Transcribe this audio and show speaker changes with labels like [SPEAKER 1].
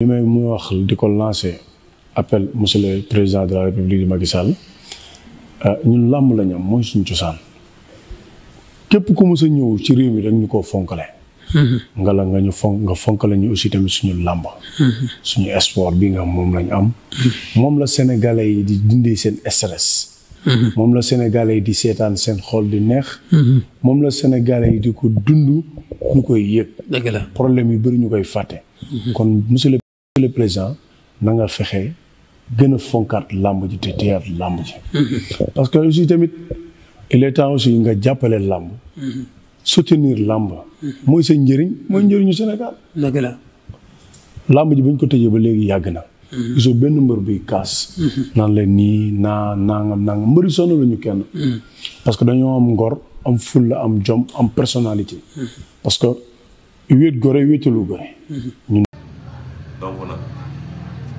[SPEAKER 1] li may mu wax di ko lancé appel monsieur le président de la république di Macky Sall euh, ñun làmb la am mooy suñ cosaan képp ku mës ñëw ci réew mi dañ ñu ko fonkale mm-hmm. nga la nga ñu fonk nga fonkale ñu aussi tamit suñu làmb mm-hmm. suñu sport bi nga moom lañu am mm-hmm. moom la sénégalais yi di dindee seen stress moom la sénégalais yi di seetaan seen xool di neex moom la sénégalais yi di ko dund ñu koy yëg dëgg la problème yu bëri ñu koy fàtte kon monsieur que le président na nga fexe gën a fonkaat làmb ji te teer làmb ji. Mm-hmm. parce que aussi tamit il est temps aussi nga jàppale làmb. Mm-hmm. soutenir làmb. Mm-hmm. mooy sa njëriñ mooy njëriñu Sénégal. dëgg làmb ji bu ñu ko tëjee ba léegi yàgg na. gisoo benn mbër bi kaas. naan leen nii naa nangam nangam mbëri sonn la kenn. parce que dañoo am ngor am fulla am jom am personnalité. parce que wéet gore wéetalu gore.